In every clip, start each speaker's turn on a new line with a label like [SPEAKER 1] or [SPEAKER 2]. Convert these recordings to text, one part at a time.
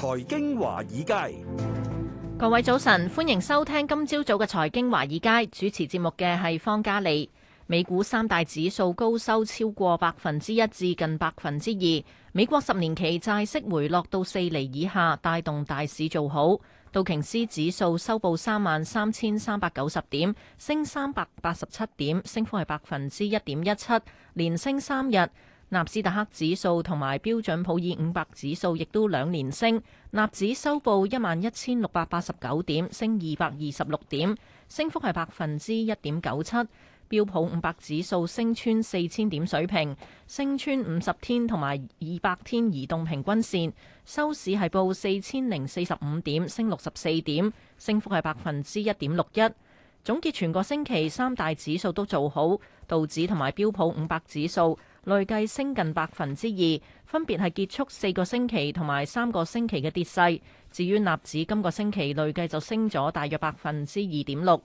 [SPEAKER 1] 財經華
[SPEAKER 2] 爾街，各位早晨，歡迎收聽今朝早嘅財經華爾街，主持節目嘅係方嘉利。美股三大指數高收超過百分之一至近百分之二，美國十年期債息回落到四厘以下，帶動大市做好。道瓊斯指數收報三萬三千三百九十點，升三百八十七點，升幅係百分之一點一七，連升三日。納斯達克指數同埋標準普爾五百指數亦都兩年升，納指收報一萬一千六百八十九點，升二百二十六點，升幅係百分之一點九七。標普五百指數升穿四千點水平，升穿五十天同埋二百天移動平均線，收市係報四千零四十五點，升六十四點，升幅係百分之一點六一。總結，全個星期三大指數都做好，道指同埋標普五百指數。累計升近百分之二，分別係結束四個星期同埋三個星期嘅跌勢。至於納指今個星期累計就升咗大約百分之二點六。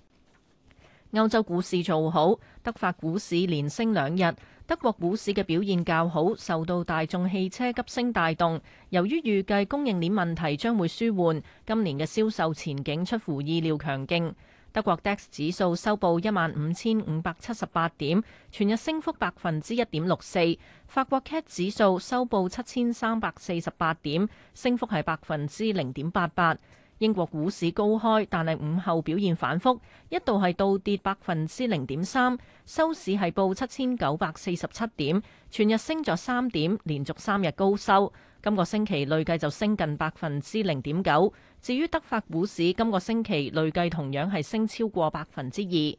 [SPEAKER 2] 歐洲股市做好，德法股市連升兩日，德國股市嘅表現較好，受到大眾汽車急升帶動。由於預計供應鏈問題將會舒緩，今年嘅銷售前景出乎意料強勁。德國 DAX 指數收報一萬五千五百七十八點，全日升幅百分之一點六四。法國 CAC 指數收報七千三百四十八點，升幅係百分之零點八八。英國股市高開，但係午後表現反覆，一度係倒跌百分之零點三，收市係報七千九百四十七點，全日升咗三點，連續三日高收。今個星期累計就升近百分之零點九。至於德法股市，今個星期累計同樣係升超過百分之二，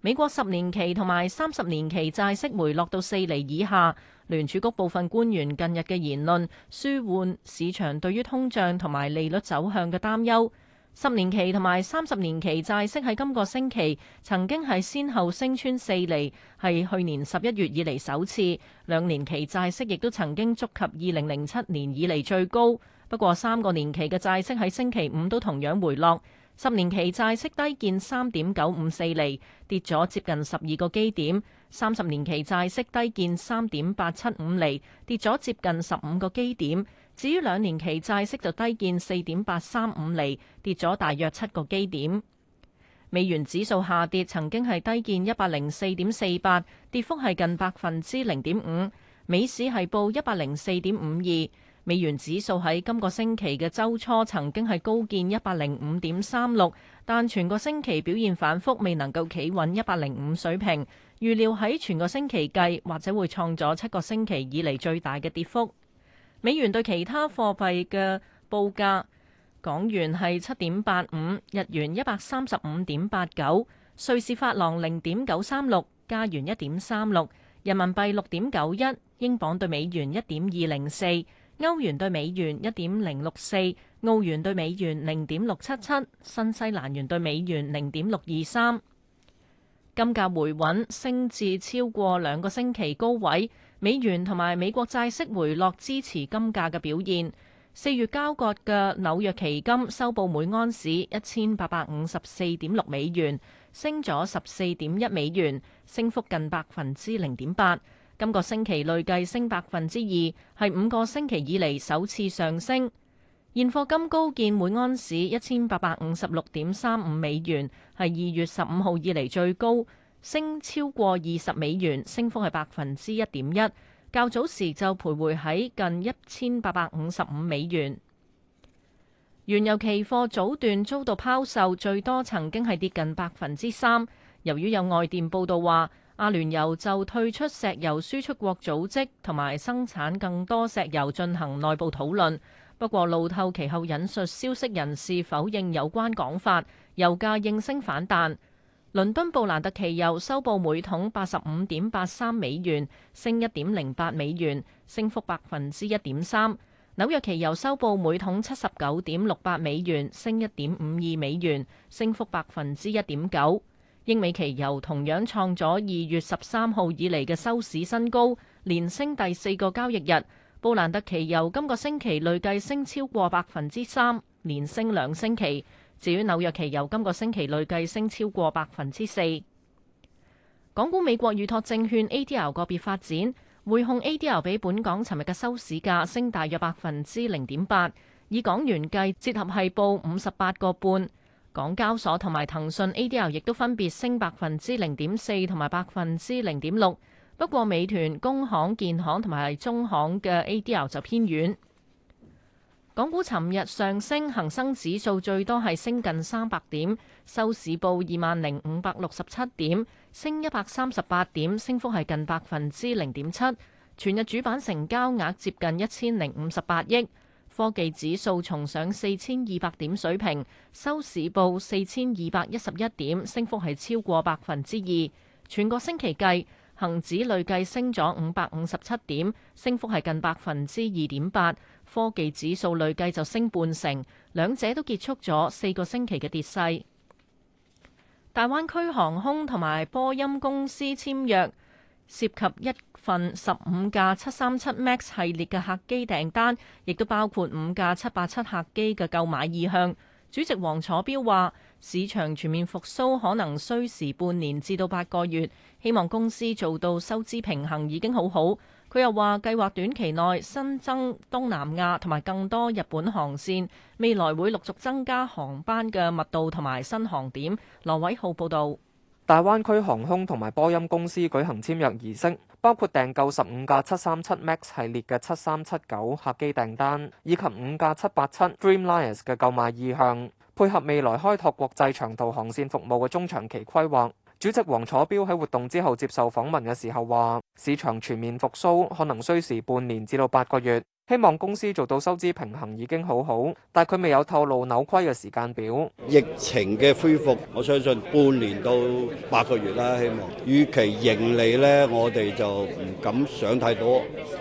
[SPEAKER 2] 美國十年期同埋三十年期債息回落到四厘以下。聯儲局部分官員近日嘅言論，舒緩市場對於通脹同埋利率走向嘅擔憂。十年期同埋三十年期債息喺今個星期曾經係先後升穿四厘，係去年十一月以嚟首次。兩年期債息亦都曾經觸及二零零七年以嚟最高。不過三個年期嘅債息喺星期五都同樣回落，十年期債息低見3.954厘，跌咗接近十二個基點；三十年期債息低見3.875厘，跌咗接近十五個基點。至於兩年期債息就低見4.835厘，跌咗大約七個基點。美元指數下跌，曾經係低見104.48，跌幅係近百分之零點五。美市係報104.52。美元指數喺今個星期嘅週初曾經係高見一百零五點三六，但全個星期表現反覆，未能夠企穩一百零五水平。預料喺全個星期計，或者會創咗七個星期以嚟最大嘅跌幅。美元對其他貨幣嘅報價：港元係七點八五，日元一百三十五點八九，瑞士法郎零點九三六，加元一點三六，人民幣六點九一，英鎊對美元一點二零四。歐元對美元一點零六四，澳元對美元零點六七七，新西蘭元對美元零點六二三。金價回穩，升至超過兩個星期高位。美元同埋美國債息回落支持金價嘅表現。四月交割嘅紐約期金收報每安士一千八百五十四點六美元，升咗十四點一美元，升幅近百分之零點八。今個星期累計升百分之二，係五個星期以嚟首次上升。現貨金高見每安士一千八百五十六點三五美元，係二月十五號以嚟最高，升超過二十美元，升幅係百分之一點一。較早時就徘徊喺近一千八百五十五美元。原油期貨早段遭到拋售，最多曾經係跌近百分之三。由於有外電報道話，阿聯酋就退出石油輸出國組織同埋生產更多石油進行內部討論。不過路透其後引述消息人士否認有關講法，油價應聲反彈。倫敦布蘭特期油收報每桶八十五點八三美元，升一點零八美元，升幅百分之一點三。紐約期油收報每桶七十九點六八美元，升一點五二美元，升幅百分之一點九。英美期油同樣創咗二月十三號以嚟嘅收市新高，連升第四個交易日。布蘭特期油今個星期累計升超過百分之三，連升兩星期。至於紐約期油，今個星期累計升超過百分之四。港股美國預託證券 A D R 個別發展，匯控 A D R 比本港尋日嘅收市價升大約百分之零點八，以港元計，折合係報五十八個半。港交所同埋騰訊 ADR 亦都分別升百分之零點四同埋百分之零點六，不過美團、工行、建行同埋中行嘅 ADR 就偏軟。港股尋日上升，恒生指數最多係升近三百點，收市報二萬零五百六十七點，升一百三十八點，升幅係近百分之零點七。全日主板成交額接近一千零五十八億。科技指數重上四千二百點水平，收市報四千二百一十一點，升幅係超過百分之二。全個星期計，恒指累計升咗五百五十七點，升幅係近百分之二點八。科技指數累計就升半成，兩者都結束咗四個星期嘅跌勢。大灣區航空同埋波音公司簽約。涉及一份十五架七三七 MAX 系列嘅客機訂單，亦都包括五架七八七客機嘅購買意向。主席黃楚標話，市場全面復甦可能需時半年至到八個月，希望公司做到收支平衡已經好好。佢又話計劃短期內新增東南亞同埋更多日本航線，未來會陸續增加航班嘅密度同埋新航點，羅偉浩報道。大
[SPEAKER 3] 灣區航空同埋波音公司舉行簽約儀式，包括訂購十五架七三七 MAX 系列嘅七三七九客機訂單，以及五架七八七 Dreamliner 嘅購買意向，配合未來開拓國際長途航線服務嘅中長期規劃。主席黃楚標喺活動之後接受訪問嘅時候話：市場全面復甦可能需時半年至到八個月。希望公司做到收支平衡已經好好，但佢未有透露扭虧嘅時間表。
[SPEAKER 1] 疫情嘅恢復，我相信半年到八個月啦。希望預期盈利咧，我哋就唔敢想太多，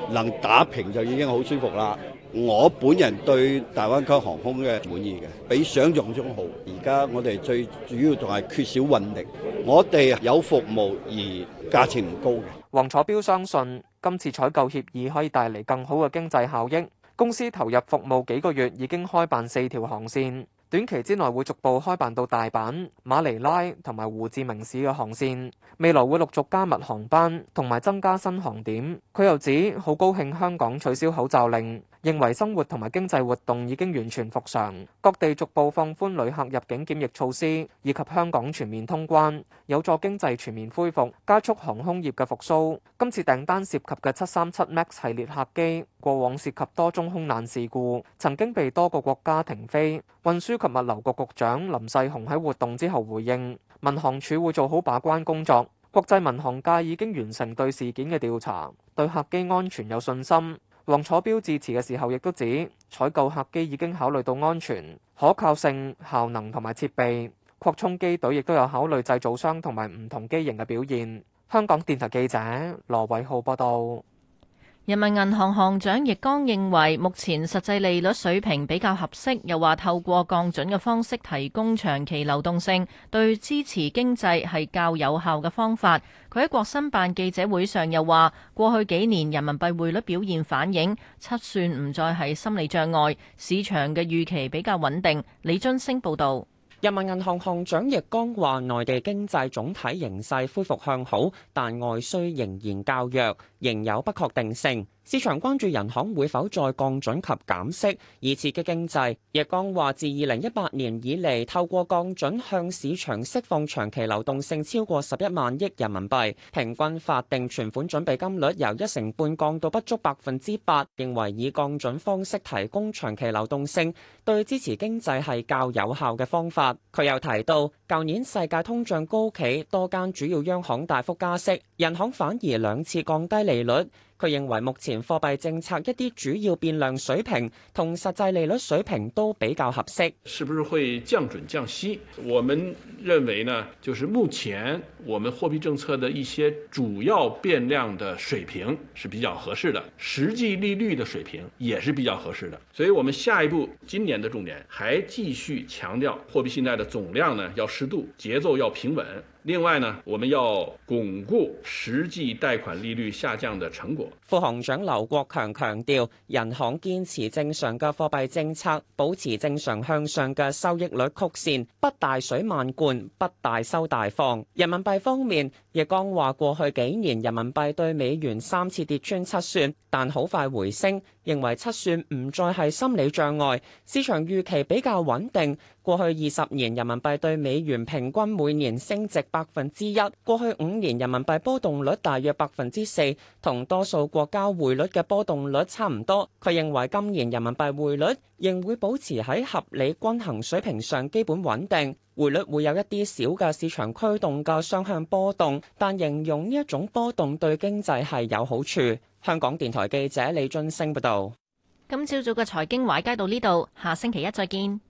[SPEAKER 1] 能打平就已經好舒服啦。我本人對大灣區航空嘅滿
[SPEAKER 3] 意嘅，比想象中好。而家我哋最主要仲係缺少運力，我哋有服務而價錢唔高嘅。黃楚標相信。今次採購協議可以帶嚟更好嘅經濟效益。公司投入服務幾個月，已經開辦四條航線，短期之內會逐步開辦到大阪、馬尼拉同埋胡志明市嘅航線。未來會陸續加密航班同埋增加新航點。佢又指好高興香港取消口罩令。認為生活同埋經濟活動已經完全復常，各地逐步放寬旅客入境檢疫措施，以及香港全面通關，有助經濟全面恢復，加速航空業嘅復蘇。今次訂單涉及嘅七三七 MAX 系列客機，過往涉及多宗空難事故，曾經被多個國家停飛。運輸及物流局局長林世雄喺活動之後回應：民航處會做好把關工作，國際民航界已經完成對事件嘅調查，對客機安全有信心。黃楚標致辭嘅時候，亦都指採購客機已經考慮到安全、可靠性、效能同埋設備，擴充機隊亦都有考慮製造商同埋唔同機型嘅表現。香港電台記者羅偉浩報道。
[SPEAKER 2] 人民銀行行長易綱認為，目前實際利率水平比較合適，又話透過降準嘅方式提供長期流動性，對支持經濟係較有效嘅方法。佢喺國新辦記者會上又話，過去幾年人民幣匯率表現反映七算唔再係心理障礙，市場嘅預期比較穩定。李津星報道。人民銀行行長易綱話：內地經濟總體
[SPEAKER 1] 形勢恢復向好，但外需仍然較弱，仍有不確定性。市場關注人行會否再降準及減息以刺激經濟。易綱話，自二零一八年以嚟，透過降準向市場釋放長期流動性超過十一萬億人民幣。平均法定存款準備金率由一成半降到不足百分之八，認為以降準方式提供長期流動性對支持經濟係較有效嘅方法。佢又提到，舊年世界通脹高企，多間主要央行大幅加息，人行反而兩次降低利率。佢認為目前貨幣政策一啲主要變量水平同實際利率水平都比較合適。是不是會降準降息？我們認為呢，就是目前我們貨幣政策的一些主要變量的水平是比較合適的，實際利率的水平也是比較合適的。所以我們下一步，今年的重點，還繼續強調貨幣信貸的總量呢要適度，節奏要平穩。另外呢，我們要鞏固實際貸款利率下降的成果。副行長劉國強強調，人行堅持正常嘅貨幣政策，保持正常向上嘅收益率曲線，不大水漫灌，不大收大放。人民幣方面，易綱話過去幾年，人民幣對美元三次跌穿七算，但好快回升。認為七算唔再係心理障礙，市場預期比較穩定。過去二十年，人民幣對美元平均每年升值百分之一；過去五年，人民幣波動率大約百分之四，同多數國家匯率嘅波動率差唔多。佢認為今年人民幣匯率仍會保持喺合理均衡水平上，基本穩定。匯率會有一啲小嘅市場驅動嘅雙向波動，但形容呢一種波動對經濟係有好處。香港電台記者李俊升報道，
[SPEAKER 2] 今朝早嘅財經華爾街到呢度，下星期一再見。